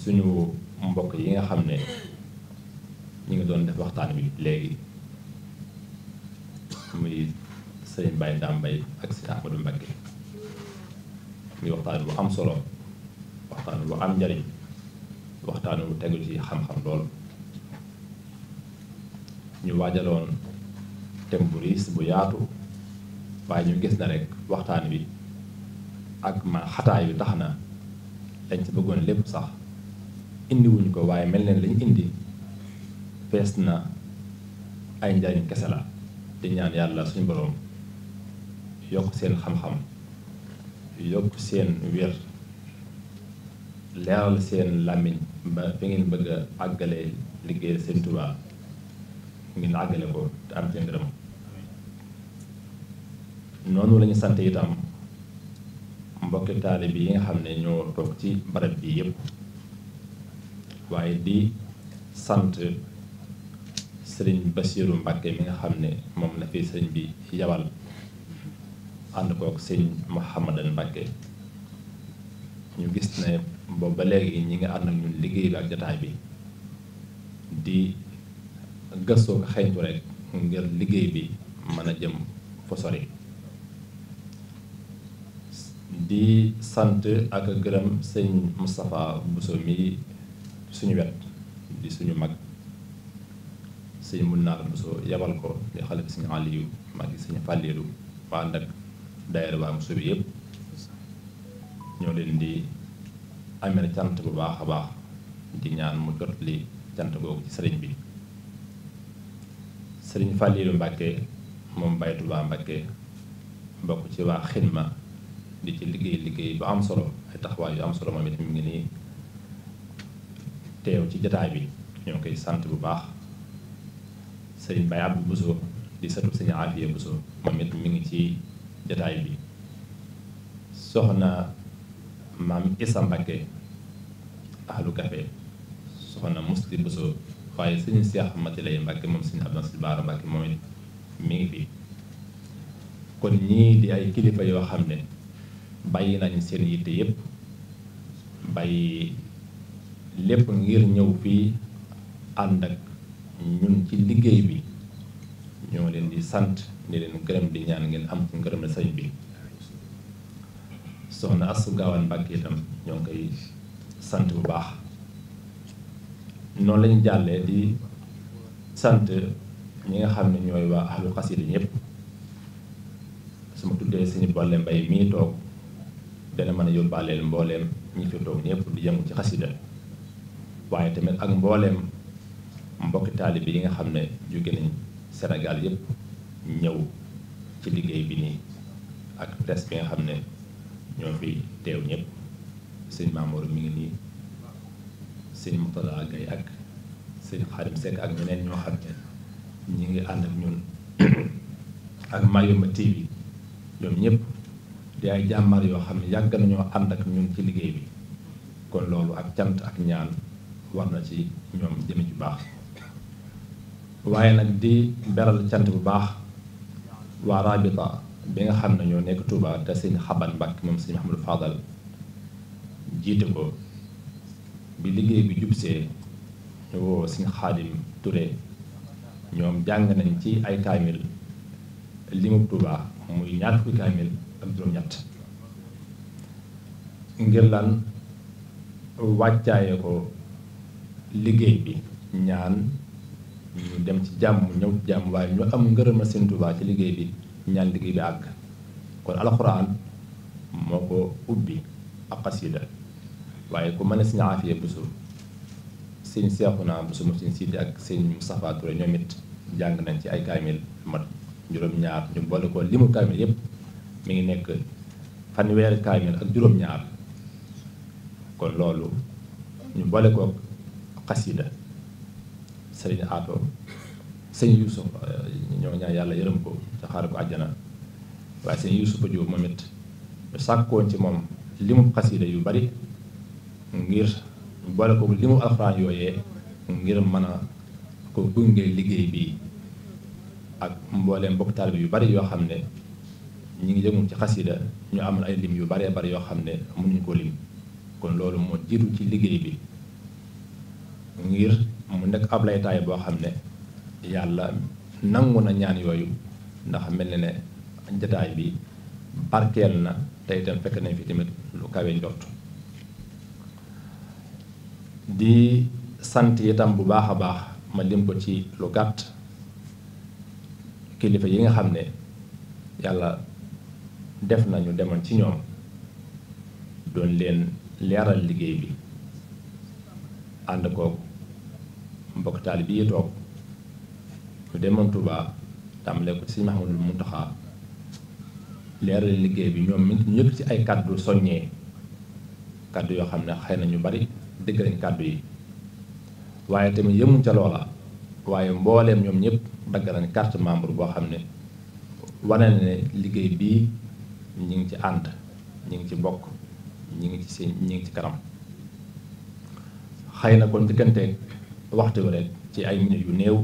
suñu mbokk yi nga xam ne ñu ngi doon def waxtaan wi léegi muy sëriñ Baye Ndambay ak si Amadou Mbacké muy waxtaan bu am solo waxtaan bu am njariñ waxtaan bu tegu ci xam-xam lool ñu waajaloon thème bu yaatu waaye ñu gis na rek waxtaan wi ak ma xataay wi tax na lañ ci bëggoon lépp sax indiwuñ ko waaye mel neen lañ indi fees na ay njariñ kese la di ñaan yàlla suñu boroom yokk seen xam-xam yokk seen wér leeral seen làmmiñ ba fi ngeen bëgg a àggale liggéeyal seen Tuubaa ngeen àggale ko te am seen ngërëm noonu la ñu sant itam mbokki taalib yi nga xam ne ñoo toog ci barab bi yépp waaye di sant sëriñ Basiiru Mbàkke mi nga xam ne moom la fi sëriñ bi yabal ànd kook sëriñ Muhammadan Mbàkke ñu gis ne boobu ba léegi ñi nga ànd ak ñun liggéey bi ak jataay bi di gëstoo ko xeeñtu rek ngir liggéey bi mën a jëm fa di sant ak gërëm sëñ Moustapha Bousso mi suñu wet di suñu mag sëñ Munaar Bousso yabal ko di xale bi sëñ Aliou mag suñu sëñ Fàllilu waa ànd ak waa Bousso bi yëpp ñoo leen di amee cant bu baax a baax di ñaan mu jot li cant googu ci sëriñ bi sëriñ Fàllilu Mbàkke moom Baye Touba Mbàkke bokk ci waa xidma di ci liggéey liggéey boo am solo ay taxawaay yu am solo moom it mi ngi nii teew ci jataay bi ñoo koy sant bu baax sëriñ Baye Abdou Bousso di sëtu sëriñ Afia Bousso moom it mi ngi ci jataay bi soxna maam Issa Mbacké ahlu café soxna Musti Bousso waaye sëriñ Cheikh Mati lay Mbacké moom sëriñ Abdou Nasir Baara Mbacké moom it mi ngi fi kon ñii di ay kilifa yoo xam ne bàyyi nañ seen yitte yépp bàyyi lépp ngir ñëw fii ànd ak ñun ci liggéey bi ñoo leen di sant di leen gërëm di ñaan ngeen am ci ngërëm sëñ bi soxna Astu Gaawaan Mbàkke itam ñoo koy sant bu baax noonu lañu jàllee di sant ñi nga xam ne ñooy waa ahlu xasida ñëpp su ma tuddee suñu boole mbay mii toog dana man a yóbbaaleel mbooleem ñi fi toog ñëpp di yëngu ci xasida waaye tamit ak mbooleem mbokki taalibe yi nga xam ne jóge nañ senegal yëpp ñëw ci liggéey bi nii ak presse bi nga xam ne ñoo fi teew ñëpp sëñ Mamour mi ngi nii sëñ Moutala Gaye ak sëñ Xarim Seck ak ñeneen ñoo xam ne ñi ngi ànd ak ñun ak Mayumba TV ñoom ñëpp di ay yoo xam ne yàgg nañoo ànd ak ñun ci liggéey bi kon loolu ak cant ak ñaan war na ci ñoom jëme ju baax waaye nag di beral cant bu baax waa rabita bi nga xam ne ñoo nekk Touba te sëñ xaban Mbàkke moom sëñ Mahamadou Fadal jiite ko bi liggéey bi jubsee ñu woo sëñ Xaadim Ture ñoom jàng nañ ci ay kaamil limu Touba muy ñaar fukki kaamil ak juróom-ñett ngir lan wàccaaye ko liggéey bi ñaan ñu dem ci jàmm ñëw ci jàmm waaye ñu am ngërëma Sëñ Tuubaa ci liggéey bi ñaan liggéey bi àgg kon alxuraan moo ko ubbi ak xasida waaye ku mën a Sëñ Aafiya Buso sëñ Seexuna Buso mu sëñ Siidi ak sëñ Mustafaa ñoom it jàng nañ ci ay kaamil mat juróom-ñaar ñu boole ko limu kaamil yëpp mi ngi nekk fanweeri kaamil ak juróom-ñaar kon loolu ñu boole ko xasida sëriñ Ato sëñ Yuusuf eh, ñoo ñaan yàlla yërëm ko te xaaral ko àjjana waaye sëñ Yuusufa Jóob moom it ñu sàkkoon ci moom limu xasida yu bari ngir boole ko limu alxuraan yooyee ngir mën a ko gunge liggéey bi ak mbooleem mbokk taalibe yu bari yoo xam ne ñu ngi yëngu ci xasida ñu amul ay lim yu baree bari yoo xam ne mënuñu ko lim kon loolu moo jiitu ci liggéey bi ngir mu nekk ab laytaay boo xam ne yàlla nangu na ñaan yooyu ndax mel na ne jataay bi barkeel na te itam fekk nañ fi tamit lu kawe njort di sant itam bu baax a baax ma lim ko ci lu gàtt kilifa yi nga xam ne yàlla def nañu demoon ci ñoom doon leen leeral liggéey bi ànd koog mbokk taali yi toog ñu demoon Touba tàmbalee ko ci Mahamadul Muntaxa leeral liggéey bi ñoom ñëpp ci ay kàddu soññee kàddu yoo xam ne xëy nañu bari dégg nañ kàddu yi waaye tamit yëmuñ ca loola waaye mbooleem ñoom ñëpp dagg nañ carte membre boo xam ne wane ne liggéey bii ñi ngi ci ànd ñi ngi ci bokk ñi ngi ci ñi ngi ci kanam xëy na kon diggante waxtu bi ci ay minute yu néew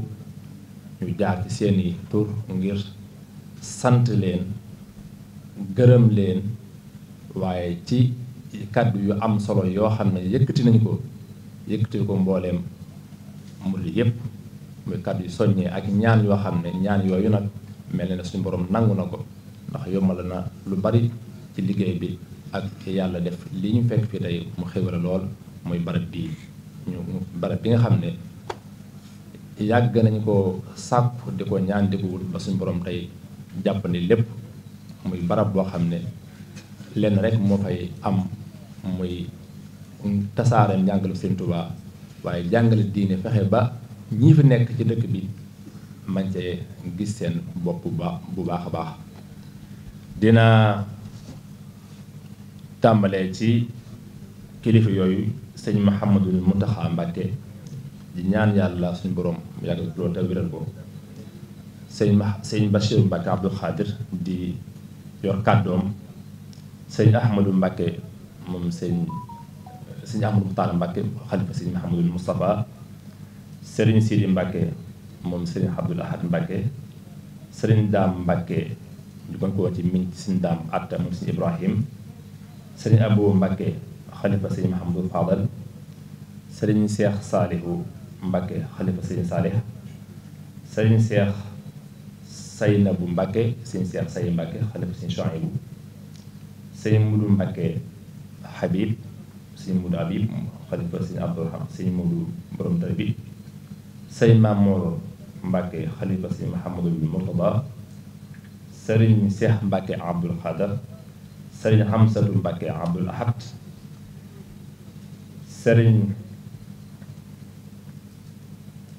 ñu jaar ci seeni tur ngir sant leen gërëm leen waaye ci kàddu yu am solo yoo xam ne yëkkati nañ ko yëkkati ko mbooleem murid yépp muy kàddu yu soññee ak ñaan yoo xam ne ñaan yooyu nag mel na ne suñu borom nangu na ko ndax yombal na lu bari ci liggéey bi ak yàlla def li ñu fekk fii tey mu xéwale lool muy barab bii ñu barab bi nga xam ne yàgg nañu ko sàkku di ko ñaan di ba suñu borom tey jàppandi lépp muy barab boo xam ne lenn rek moo fay am muy tasaare njàngale Sëriñ Tuubaa waaye jàngale diine fexe ba ñi fi nekk ci dëkk bi man cee gis seen bopp bu baax a baax dinaa tàmbalee ci kilifa yooyu sëñ Mouhamadul Mountakha Mbacké di ñaan yàlla suñu borom yàgg loolu te wéral ko sëñ ma sëñ Bachir Mbacké di yor kàddoom sëñ Ahmadou Mbacké moom sëñ sëñ Ahmadou Moutala xalifa sëñ Mouhamadul Moustapha sëriñ Sidi Mbacké moom sëriñ Abdoul Ahad Mbacké sëriñ Daam Mbacké ñu gën koo ci min sëñ daam atta mu sëñ ibrahim sëriñ abou mbàkke xalifa sëriñ mahamadou fadal sëriñ seex saalihu mbàkke xalifa sëriñ saalih sëriñ seex saynabu mbàkke sëriñ seex say mbàkke xalifa sëriñ chouaïbou sëriñ mudu mbàkke habib sëriñ mudu habib xalifa sëriñ abdouraham sëriñ mudu borom tarbi sëriñ maam mooro mbàkke xalifa sëriñ mahamadou murtada sëriñ Cheikh Mbacke Abdoul Khadar sëriñ Hamsatu Mbacke Abdoul Ahad sëriñ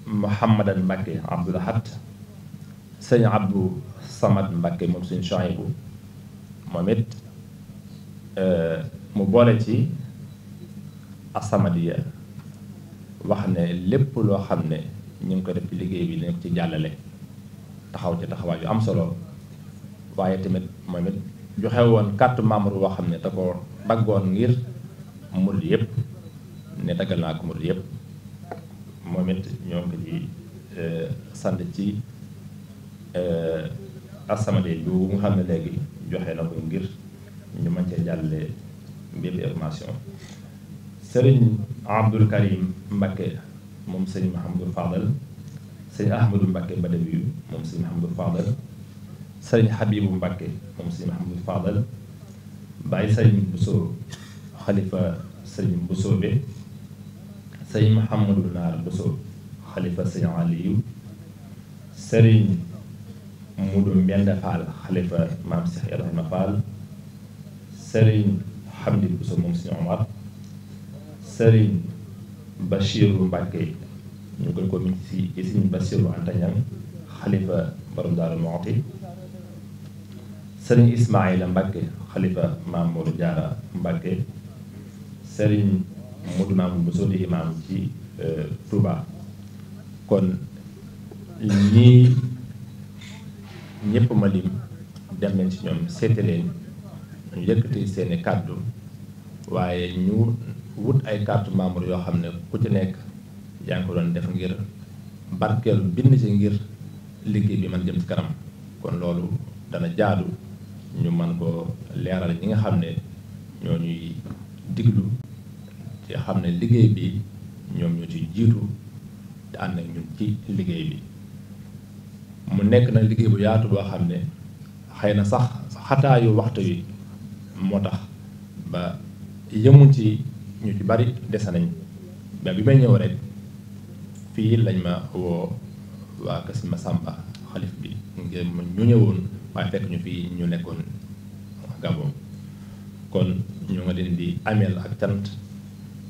Mouhamadan Mbacke Abdoul Ahad sëriñ Abdou Samad Mbacke moom suñu Chouaïbou moom it euh, mu boole ci asamadiya wax ne lépp loo xam ne ñu ngi ko def liggéey bi dinañ ko ci jàllale taxaw ci taxawaay yu am solo waaye tamit moom it joxe woon carte membre boo xam ne da ko daggoon ngir murid yëpp ne daggal naa ko murid yëpp moom it ñoo ngi ci euh, sant ci euh, assemblée bi nga xam ne léegi joxe na ko ngir ñu mën cee jàllale mbir information sëriñ Abdul Karim Mbakke moom sëriñ Mahamadou Fadal sëriñ Ahmadou Mbakke Badawi moom sëriñ Mahamadou Fadal sëriñ Habibou Mbacke moom sëriñ Mahamadou Fadal bàyyi sëriñ Bousso xalifa sëriñ Bousso be sëriñ Mahamadou Naar Bousso xalifa sëriñ Aliou sëriñ Mudu Mbend Fall xalifa maam Cheikh Ibrahima Fall sëriñ Hamdi Bousso moom sëriñ Omar sëriñ Bachirou Mbacke ñu gën ko min si sëriñ Bachirou Antañam xalifa borom Daaru Muxti sëriñ Ismaïla Mbacke xalifa maam Modou Diarra Mbacke sëriñ Modou Mamoun Bousso di imaam ci euh, Touba kon ñii ñëpp ma lim dem nañ ci ñoom seete leen ñu seeni kàddu waaye ñu wut ay carte membre yoo xam ne ku ci nekk yaa ngi ko doon def ngir barkeelu bind ci ngir liggéey bi man jëm ci kanam kon loolu dana jaadu ñu man ko leeral ñi nga xam ne ñoo ñuy diglu te xam ne liggéey bi ñoom ñu ci jiitu te ànd ak ñun ci liggéey bi mu nekk na liggéey bu yaatu boo xam ne xëy na sax xataayu waxtu yi moo tax ba yëmu ci ñu ci bari dese nañ ba bi ma ñëw rek fii lañ ma woo waa Kër Masamba xalif bi ngir ñu ñëwoon waaye fekk ñu fi ñu nekkoon Gabon kon ñu nga leen di ameel ak tant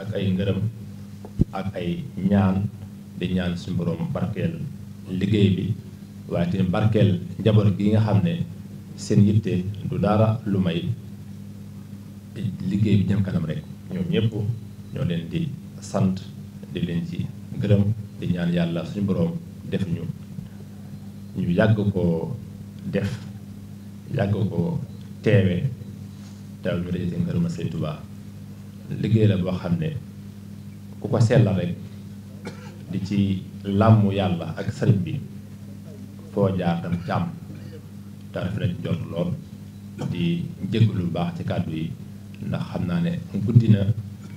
ak ay ngërëm ak ay ñaan di ñaan suñu borom barkeel liggéey bi waaye te barkeel njaboot gi nga xam ne seen yitte du dara lu may liggéey bi jëm kanam rek ñoom ñëpp ñoo leen di sant di leen ci gërëm di ñaan yàlla suñu boroom def ñu ñu yàgg ko def yàgg ko teewee teewal ñu daje seen kër ma sëñ liggéey la boo xam ne ku ko sellal rek di ci làmmu yàlla ak sëriñ bi foo jaar dam jàmm te rafet na jot lool di jégg lu baax ci kàddu yi ndax xam naa ne guddi na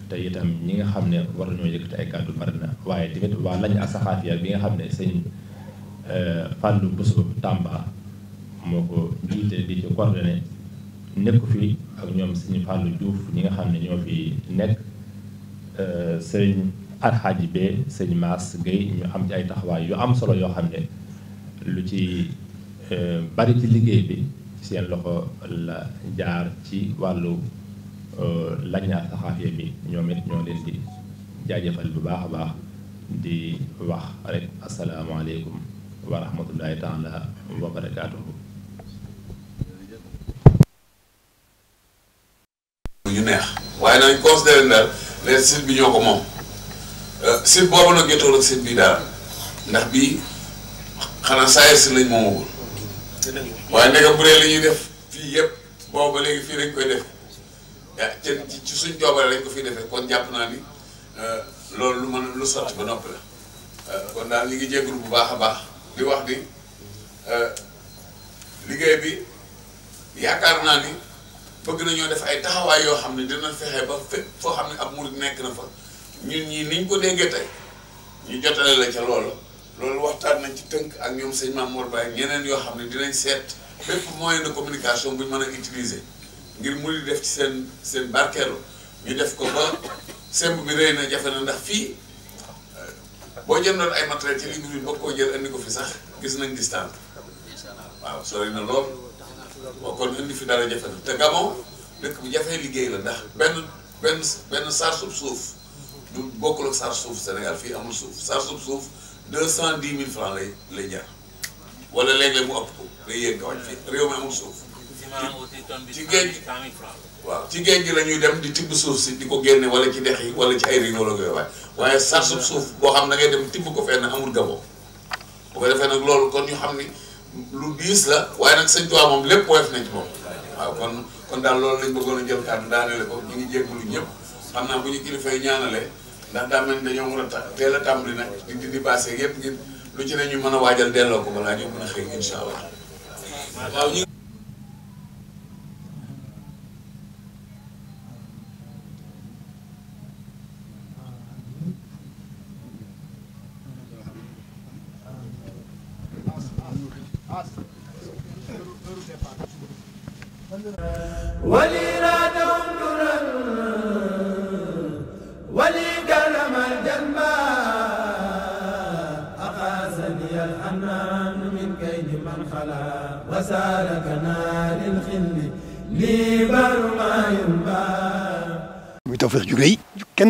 te itam ñi nga xam ne war nañoo yëkkati ay kàddu bari na waaye tamit waa lañ asaxaafiya bi nga xam ne sëñ euh, Fallou Bousso Tamba moo ko jiite di ci coordonné nekk fi ak ñoom sëñ Fallou Diouf ñi nga xam ne ñoo fi nekk euh, sëñ Alxaaji be sëñ Maas Guèye ñu am ci ay taxawaay yoo am solo yoo xam ne lu ci euh, bari ci liggéey bi ci seen loxo la jaar ci wàllu euh, lañaar saxaafiya bi ñoom it ñoo leen di jaajëfal bu baax a baax di wax rek asalaamaaleykum wa rahmatullahi taala wa neex waaye nañ considéré daal ne site bi ñoo ko moom euh, site boobu nag jotoon ak site bii daal ndax bii xanaa saa si lañ moomagul waaye nekk bu dee li ñuy def fii yëpp boobu ba léegi fii lañ koy def ci ci suñ joobale lañ ko fiy defee kon jàpp naa ni euh, loolu lu mën lu sotti ba noppi la euh, kon daal ñu ngi jégalu bu baax a baax di wax ni liggéey bi yaakaar naa ni. bëgg nañoo def ay taxawaay yoo xam ne dina fexe ba fépp foo xam ne ab murid nekk na fa ñun ñii niñ ko déggee tey ñu jotale la ca loolu loolu waxtaan nañ ci tënk ak ñoom sëñ Mamour Baye ñeneen yoo xam ne dinañ seet bépp moyen de communication buñ mën a utiliser ngir murid def ci seen seen barkeelu ñu def ko ba semb bi rëy na jafe na ndax fii euh, boo jëndoon ay matériel ci ligne bi bëgg koo jël andi ko fi sax gis nañ distance waaw sori na waaw kon indi fi dara jafe na te Gabon nekk bi jafee liggéey la ndax benn benn benn saar suuf suuf bokkul ak suuf Sénégal fii amul suuf saar suuf suuf cent dix mille francs lay lay jar wala léeg-léeg mu ëpp ko day yéeg nga wàcc fii réew mi amul suuf. ci géej waaw ci géej gi la ñuy dem di tibb suuf si di ko génne wala ci dex yi wala ci ay riz wala yooyu waaye suuf boo xam na ngay dem tibb ko fenn amul Gabon bu ko defee nag loolu kon ñu xam ni. lu diis la waaye nag sëñ Tuubaa lépp woyof nañ ci moom waaw kon kon daal loolu lañ bëggoon a jël kàddu daanele ko ñu ngi jégalu ñëpp xam naa bu ñu kilifa yi ñaanale ndax daa mel ni dañoo mën a ta teel a tàmbali nag di di di passé yëpp ngir lu ci ne ñu mën a waajal delloo ko balaa ñu mën a xëy incha allah waaw ñu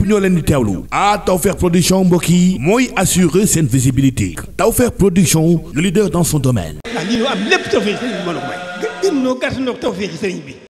ñëpp ñoo leen di teewlu ah Tawfekh production mbokk yi mooy assurer seen visibilité Tawfekh production le leader dans son domaine. Ah, am lépp Tawfekh sëriñ bi mën a may. gën noo gàtt noo Tawfekh sëriñ bi.